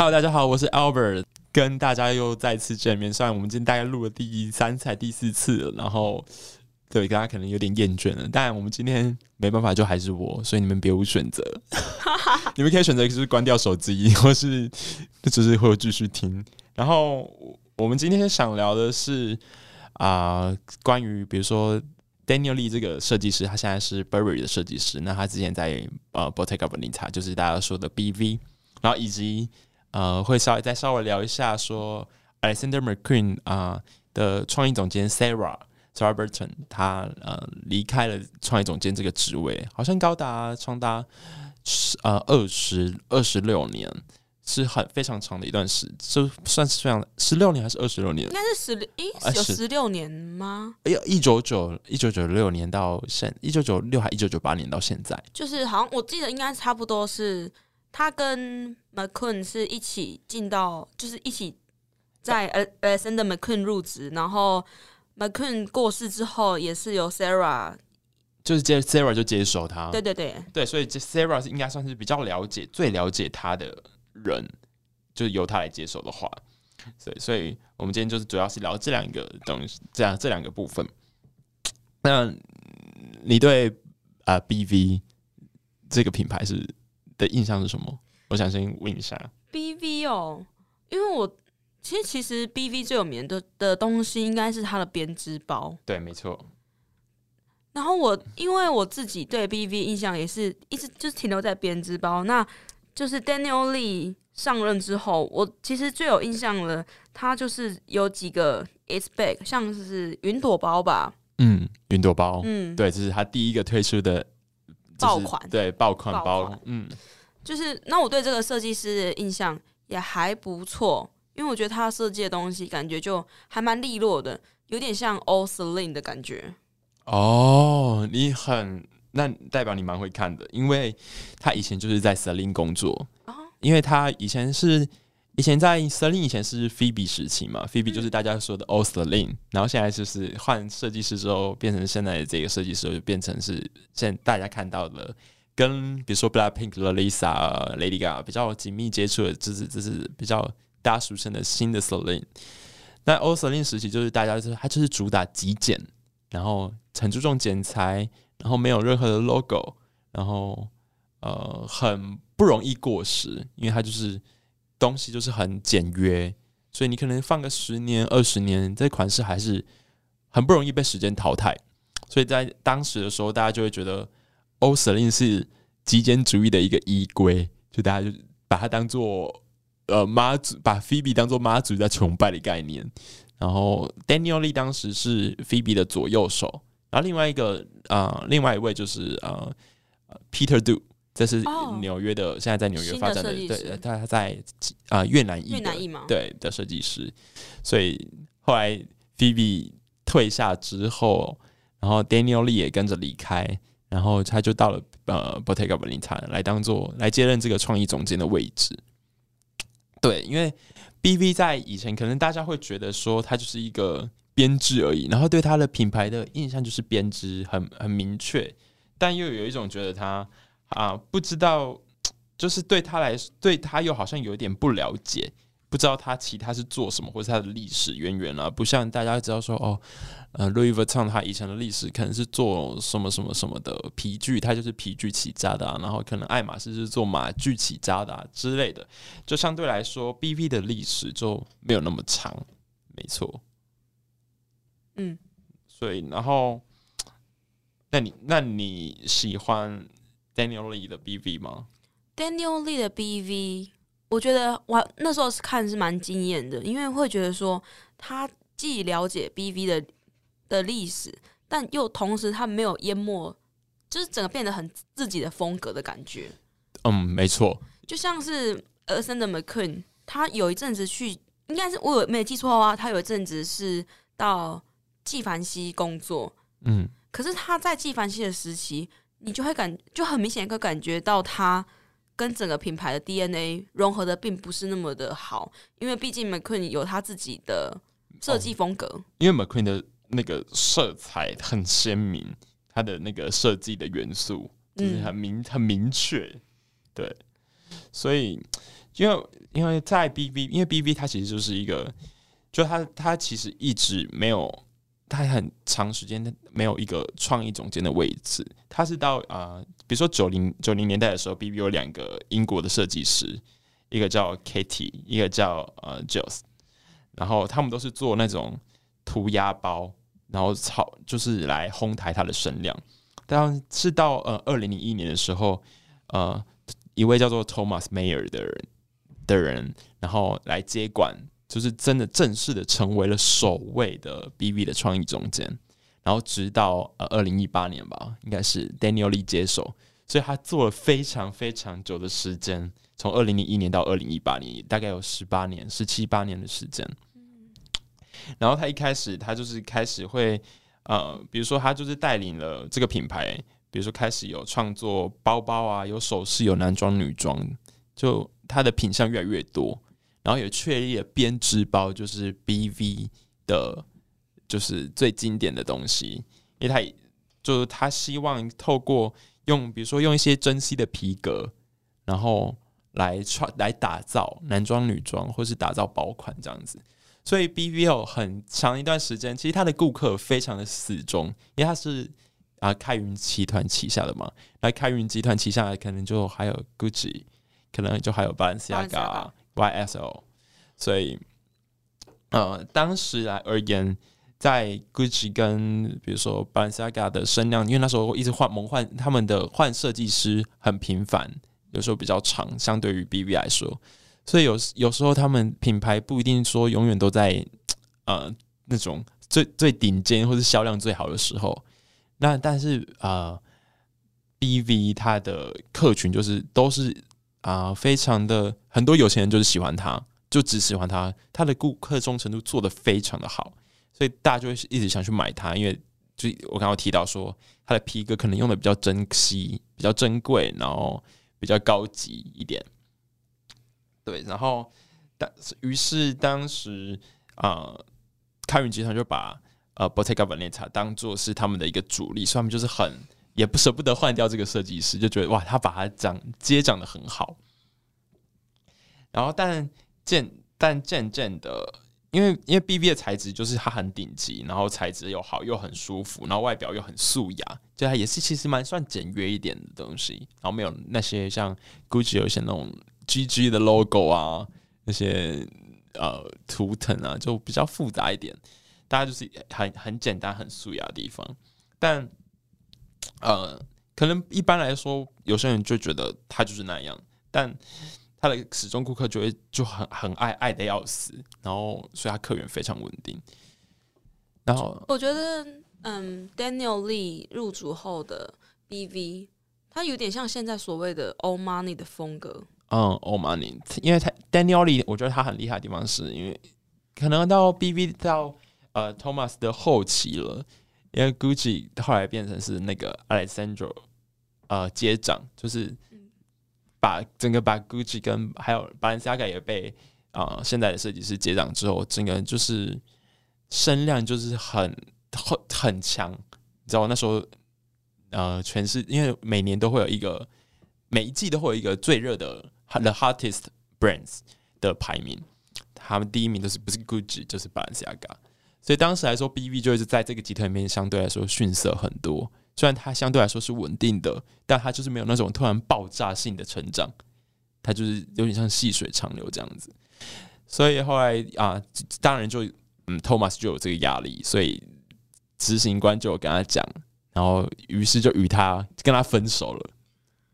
Hello，大家好，我是 Albert，跟大家又再次見面。雖然我們今天大概錄了第三次、第四次了，然後對大家可能有點厭倦了，但我們今天沒辦法，就還是我，所以你們別無選擇。 你們可以選擇就是關掉手機，或是就只是會繼續聽。然後我們今天想聊的是啊、呃，關於比如說 Daniel Lee 這個設計師，他現在是 Burberry 的設計師。那他之前在呃 Bottega Veneta 就是大家說的 BV，然後以及。呃，會稍微再稍微聊一下說，Alexander McQueen 啊、呃、的創意總監 Sarah、Sarah Burton 他呃離開了創意總監這個職位，好像高達長達十呃二十二十六年，是很非常長的一段時，就算是非常十六年還是二十六年，應該是十，誒有十六年嗎？哎呦、呃，一九九一九九六年到現一九九六還一九九八年到現在，現在就是好像我記得應該差不多是。他跟 McQueen 是一起進到，就是一起在呃呃、啊，森的 McQueen 入職，然後 McQueen 過世之後，也是由 Sarah 就是接 Sarah 就接手他。對對對，對，所以這 Sarah 是應該算是比較了解、最了解他的人，就是由他來接手的話，對，所以我們今天就是主要是聊這兩個東西，這樣這兩個部分。那、呃、你對啊、呃、BV 這個品牌是？的印象是什麼？我想先問一下 BV 哦，因為我其實其實 BV 最有名的的東西應該是它的編織包，對，沒錯。然後我因為我自己對 BV 印象也是一直就是停留在編織包，那就是 Daniel Lee 上任之後，我其實最有印象的，他就是有幾個 It's Bag，像是雲朵包吧，嗯，雲朵包，嗯，對，這是他第一個推出的。爆款對，爆款，包款，嗯，就是那我對這個設計師的印象也還不錯，因為我覺得他設計的東西感覺就還蠻利落的，有點像 All Celine 的感覺。哦，你很那代表你蠻會看的，因為他以前就是在 Celine 工作，啊、因為他以前是。以前在 Celine 以前是 Phoebe 時期嘛，Phoebe 就是大家說的 Old Celine，然後現在就是換設計師之後變成現在的這個設計師，就變成是現大家看到的，跟比如說 Black Pink 的 Lisa、Lady Gaga 比較緊密接觸的，就是就是比較大家俗稱的新的 Celine。那 Old Celine 時期就是大家說、就是、它就是主打極簡，然後很注重剪裁，然後沒有任何的 logo，然後呃很不容易過時，因為它就是。東西就是很簡約，所以你可能放個十年、二十年，這款式還是很不容易被時間淘汰。所以在當時的時候，大家就會覺得 Old Céline 是極簡主義的一個衣櫃，就大家就把它當做呃媽祖，把 Phoebe 當做媽祖在崇拜的概念。然後 Daniel Lee 當時是 Phoebe 的左右手，然後另外一個啊、呃，另外一位就是呃 Peter Do。這是紐約的，哦、現在在紐約發展的，的對，他在啊、呃、越南裔的，裔對的設計師。所以後來 BV 退下之後，然後 Daniel Lee 也跟着離開，然後他就到了呃 Bottega Veneta 來當做來接任這個創意總監的位置。對，因為 BV 在以前可能大家會覺得說他就是一個編織而已，然後對他的品牌的印象就是編織很很明確，但又有一種覺得他。啊，不知道，就是對他來說，對他又好像有點不了解，不知道他其他是做什麼，或者他的歷史淵源，源啊，不像大家知道說，哦，呃，Louis Vuitton 唱他以前的歷史，可能是做什麼什麼什麼的皮具，他就是皮具起家的，啊，然後可能愛馬仕是做馬具起家的啊之類的，就相對來說，BV 的歷史就沒有那麼長，沒錯。嗯，所以，然後，那你，那你喜歡？Daniel Lee 的 BV 嗎？Daniel Lee 的 BV，我覺得我那時候是看是蠻驚艷的，因為會覺得說他既了解 BV 的的歷史，但又同時他沒有淹沒，就是整個變得很自己的風格的感覺。嗯，沒錯，就像是 Alexander 的 McQueen，他有一陣子去，應該是我有沒記錯的話，他有一陣子是到紀梵希工作。嗯，可是他在紀梵希的時期。你就會感，就很明顯可以感覺到它跟整個品牌的 DNA 融合的並不是那麼的好，因為畢竟 McQueen 有他自己的設計風格，哦、因為 McQueen 的那個色彩很鮮明，它的那個設計的元素就是很明、嗯、很明確，對，所以因為因為在 BV，因為 BV 它其實就是一個，就他它,它其實一直沒有，他很長時間沒有一個創意總監的位置。他是到呃，比如說九零九零年代的時候，B B 有兩個英國的設計師，一個叫 Katie，一個叫呃 Jules，然後他們都是做那種塗鴉包，然後炒就是來哄抬它的聲量。但是到呃二零零一年的時候，呃一位叫做 Thomas Mayer 的人的人，然後來接管，就是真的正式的成為了首位的 B B 的創意總監。然後直到呃二零一八年吧，應該是 Daniel Lee 接手，所以他做了非常非常久的時間，從二零零一年到二零一八年，大概有十八年十七八年的時間。嗯，然後他一開始他就是開始會呃，比如說他就是帶領了這個品牌，比如說開始有創作包包啊，有首飾，有男裝、女裝，就他的品項越來越多，然後也確立了編織包，就是 BV 的，就是最經典的東西，因為他就是他希望透過用，比如說用一些珍稀的皮革，然後來穿來打造男裝、女裝，或是打造薄款這樣子。所以 BVO 很長一段時間，其實他的顧客非常的死忠，因為他是啊開雲集團旗下的嘛。那開雲集團旗下的可能就還有 GUCCI，可能就還有 Balenciaga YSL，所以呃，當時來而言。在 GUCCI 跟比如說 Balenciaga 的聲量，因為那時候一直換、更換他們的換設計師很頻繁，有時候比較長，相對於 BV 來說，所以有有時候他們品牌不一定說永遠都在呃那種最最頂尖或是銷量最好的時候。那但是呃，BV 它的客群就是都是啊、呃，非常的很多有錢人就是喜歡它，就只喜歡它，它的顧客忠誠度做得非常的好。所以大家就會一直想去買它，因為就我剛剛提到說，它的皮革可能用的比較珍稀、比較珍貴，然後比較高級一點。對，然後但是，於是當時啊，呃，開雲集團就把呃 Bottega Veneta 當做是他們的一個主力，所以他們就是很也不舍不得換掉這個設計師，就覺得哇，他把它長接掌得很好。然後但漸但漸漸的。因為因為 B B 的材質就是它很頂級，然後材質又好又很舒服，然後外表又很素雅，就它也是其實蠻算簡約一點的東西，然後沒有那些像 Gucci 有一些那種 GG 的 logo 啊，那些呃圖騰啊，就比較複雜一點，大家就是很很簡單很素雅的地方，但呃，可能一般來說有些人就覺得它就是那樣，但。他的始終顧客就會就很很愛愛的要死，然後所以他客源非常穩定。然後我覺得，嗯，Daniel Lee 入主後的 BV，它有點像現在所謂的 Old Money 的風格。嗯，Old Money，因為他 Daniel Lee，我覺得他很厲害的地方是因為可能到 BV 到呃 Thomas 的後期了，因為 Gucci 後來變成是那個 Alessandro，呃，接掌就是。把整個把 Gucci 跟還有 b a l e n a g a 也被啊、呃、現在的設計師接掌之後，整個人就是聲量就是很很很強，你知道那時候呃，全是因為每年都會有一個每一季都會有一個最熱的 the hottest brands 的排名，他們第一名都是不是 Gucci 就是 b a l e n a g a 所以當時來說，BV 就是在這個集團裡面相對來說遜色很多。雖然它相對來說是穩定的，但它就是沒有那種突然爆炸性的成長，它就是有點像細水長流這樣子。所以後來啊，當然就嗯，Thomas 就有這個壓力，所以執行官就跟他講，然後於是就與他跟他分手了，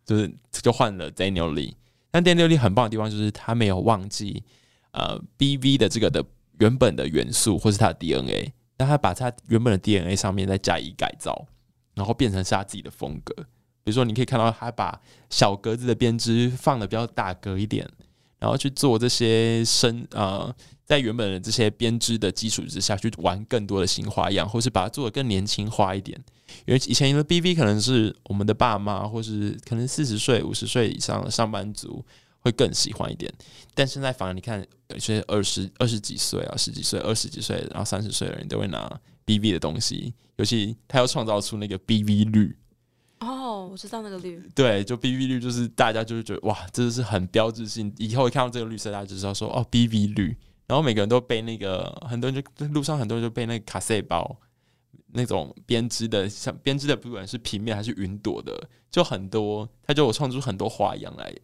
就是就換了 Daniel Lee，但 Daniel Lee 很棒的地方就是他沒有忘記呃 BV 的這個的原本的元素或是他的 DNA，讓他把他原本的 DNA 上面再加以改造。然後變成是他自己的風格，比如說你可以看到他把小格子的編織放得比較大格一點，然後去做這些深啊、呃，在原本的這些編織的基礎之下去玩更多的新花樣，或是把它做得更年輕化一點。因為以前因為 BV，可能是我們的爸媽，或是可能四十歲、五十歲以上的上班族會更喜歡一點，但現在反而你看有些二十、二十幾歲啊、十幾歲、二十幾歲，然後三十歲的人都會拿。B V 的東西，尤其他要創造出那個 B V 綠哦，oh, 我知道那個綠，對，就 B V 綠，就是大家就是覺得哇，真的是很標誌性，以後一看到這個綠色，大家就知道說哦，B V 綠。然後每個人都背那個，很多人就路上很多人就背那個卡塞包，那種編織的，像編織的，不管是平面還是雲朵的，就很多，他就我創出很多花樣來，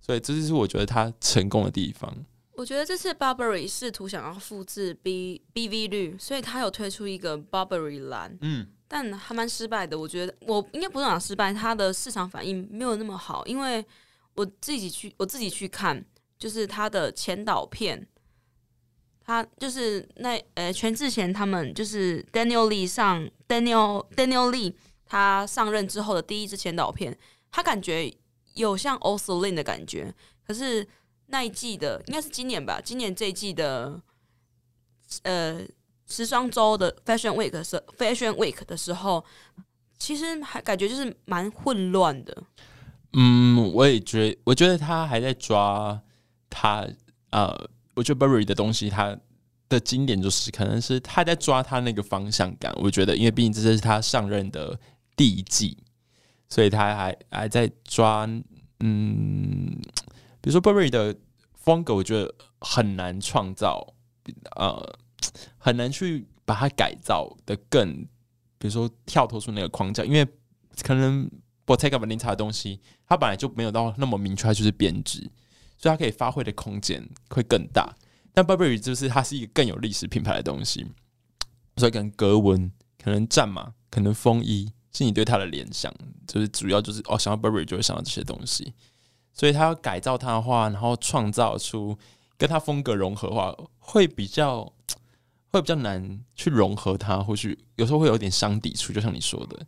所以這就是我覺得他成功的地方。我覺得這次 Burberry 試圖想要複製 B BV 綠，所以他有推出一個 Burberry 藍，嗯，但還蠻失敗的。我覺得我應該不是講失敗，他的市場反應沒有那麼好，因為我自己去，我自己去看，就是他的前導片，他就是那呃、欸、全智賢他們就是 Daniel Lee 上 Daniel Daniel Lee 他上任之後的第一支前導片，他感覺有像 Old Céline 的感覺，可是那一季的應該是今年吧，今年這一季的呃時裝週的 Fashion Week 是 Fashion Week 的時候，其實還感覺就是蠻混亂的。嗯，我也覺我覺得他還在抓他啊、呃，我覺得 Burberry 的東西，他的經典就是可能是他在抓他那個方向感。我覺得，因為畢竟這是他上任的第一季，所以他還還在抓嗯。比如說 Burberry 的風格，我覺得很難創造，呃，很難去把它改造的更，比如說跳脫出那個框架，因為可能 Bottega Veneta 的東西，它本來就沒有到那麼明確，它就是編織，所以它可以發揮的空間會更大。但 Burberry 就是它是一個更有歷史品牌的東西，所以可能格紋、可能戰馬、可能風衣，是你對它的聯想，就是主要就是哦，想到 Burberry 就會想到這些東西。所以，他要改造他的話，然後創造出跟他風格融合的話，會比較會比較難去融合他，或許有時候會有點相抵觸，就像你說的。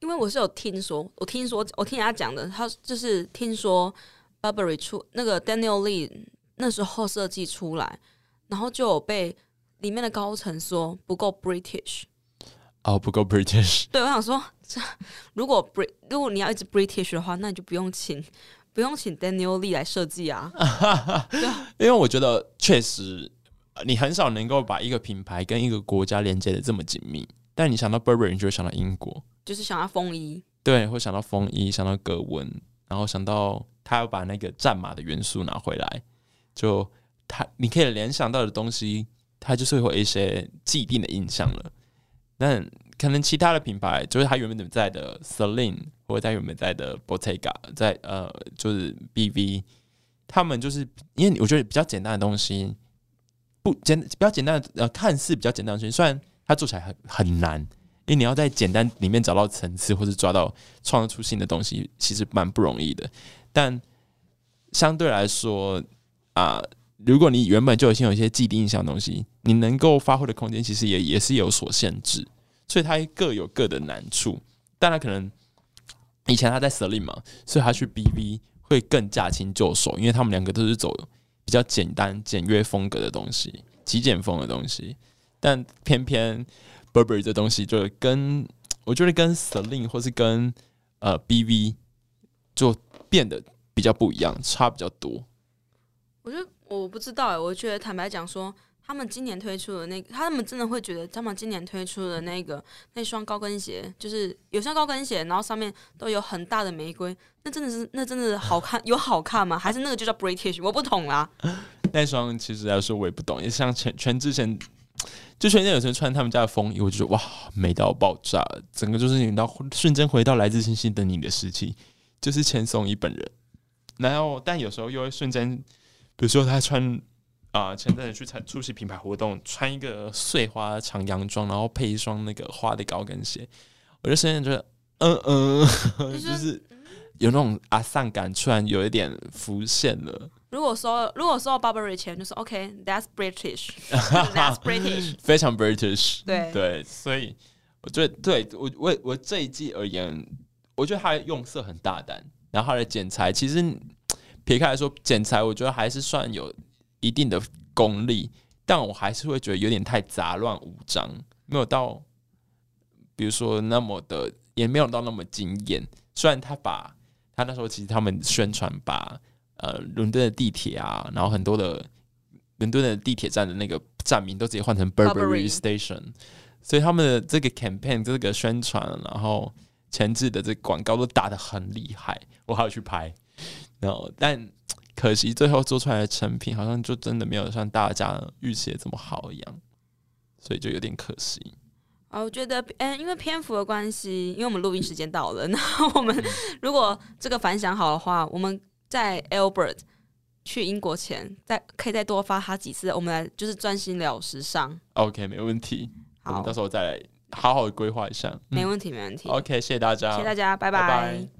因為我是有聽說，我聽說我聽人家講的，他就是聽說 Burberry 出那個 Daniel Lee 那時候設計出來，然後就有被裡面的高層說不夠 British。哦，oh, 不夠 British。對，我想說，如果 Brit，如果你要一直 British 的話，那你就不用請。不用請 Daniel Lee 來設計啊， 因為我覺得確實你很少能夠把一個品牌跟一個國家連接得這麼緊密。但你想到 Burberry，你就會想到英國，就是想到風衣，對，會想到風衣，想到格紋，然後想到他要把那個戰馬的元素拿回來，就他你可以聯想到的東西，它就是會有一些既定的印象了。但可能其他的品牌，就是它原本怎麼在的，Celine。我在有沒在的 Bottega，在呃，就是 BV，他們就是因為我覺得比較簡單的東西，不簡比較簡單的呃，看似比較簡單的東西，雖然它做起來很很難，因為你要在簡單裡面找到層次，或是抓到創造出新的東西，其實蠻不容易的。但相對來說啊、呃，如果你原本就已經有一些既定印象的東西，你能夠發揮的空間其實也也是有所限制，所以它各有各的難處，當然可能。以前他在 Celine 嘛，所以他去 BV 會更駕輕就熟，因為他們兩個都是走比較簡單、簡約風格的東西，極簡風的東西。但偏偏 Burberry 這東西，就跟我覺得跟 Celine 或是跟呃 BV 就變得比較不一樣，差比較多。我覺得我不知道誒、欸，我覺得坦白講說。他們今年推出的那個，他們真的會覺得他們今年推出的那個那雙高跟鞋，就是有雙高跟鞋，然後上面都有很大的玫瑰，那真的是那真的好看，有好看嗎？還是那個就叫 British？我不懂啦。 那雙其實來說我也不懂，也像全全智賢，就全智賢有時候穿他們家的風衣，我就覺得哇美到爆炸，整個就是你到瞬間回到來自星星的你的時期，就是千頌伊本人。然後但有時候又會瞬間，比如說他穿。啊，uh, 前陣子去參出席品牌活動，穿一個碎花長洋裝，然後配一雙那個花的高跟鞋，我就現在就是，嗯嗯，意思 就是有那種阿桑感，突然有一點浮現了。如果說，如果說 Burberry 前就說 OK，that's、okay, British，that's British，, s British. 非常 British，對對。所以，我覺得，對我我我這一季而言，我覺得它的用色很大膽，然後它的剪裁，其實撇開來說，剪裁我覺得還是算有。一定的功力，但我還是會覺得有點太雜亂無章，沒有到，比如說那麼的，也沒有到那麼驚艷。雖然他把，他那時候其實他們宣傳把，呃，倫敦的地鐵啊，然後很多的倫敦的地鐵站的那個站名都直接換成 Burberry Station，Burberry 所以他們的這個 campaign 這個宣傳，然後前置的這廣告都打得很厲害，我還要去拍，然後但。可惜最後做出來的成品好像就真的沒有像大家預期的這麼好一樣，所以就有點可惜。啊、哦，我覺得，嗯、欸，因為篇幅的關係，因為我們錄音時間到了， 然後我們如果這個反響好的話，我們在 Albert 去英國前，再可以再多發他幾次。我們來就是專心聊時尚。OK，沒問題。好，我們到時候再來好好的規劃一下。沒問題，嗯、沒問題。OK，謝謝大家，謝謝大家，拜拜。拜拜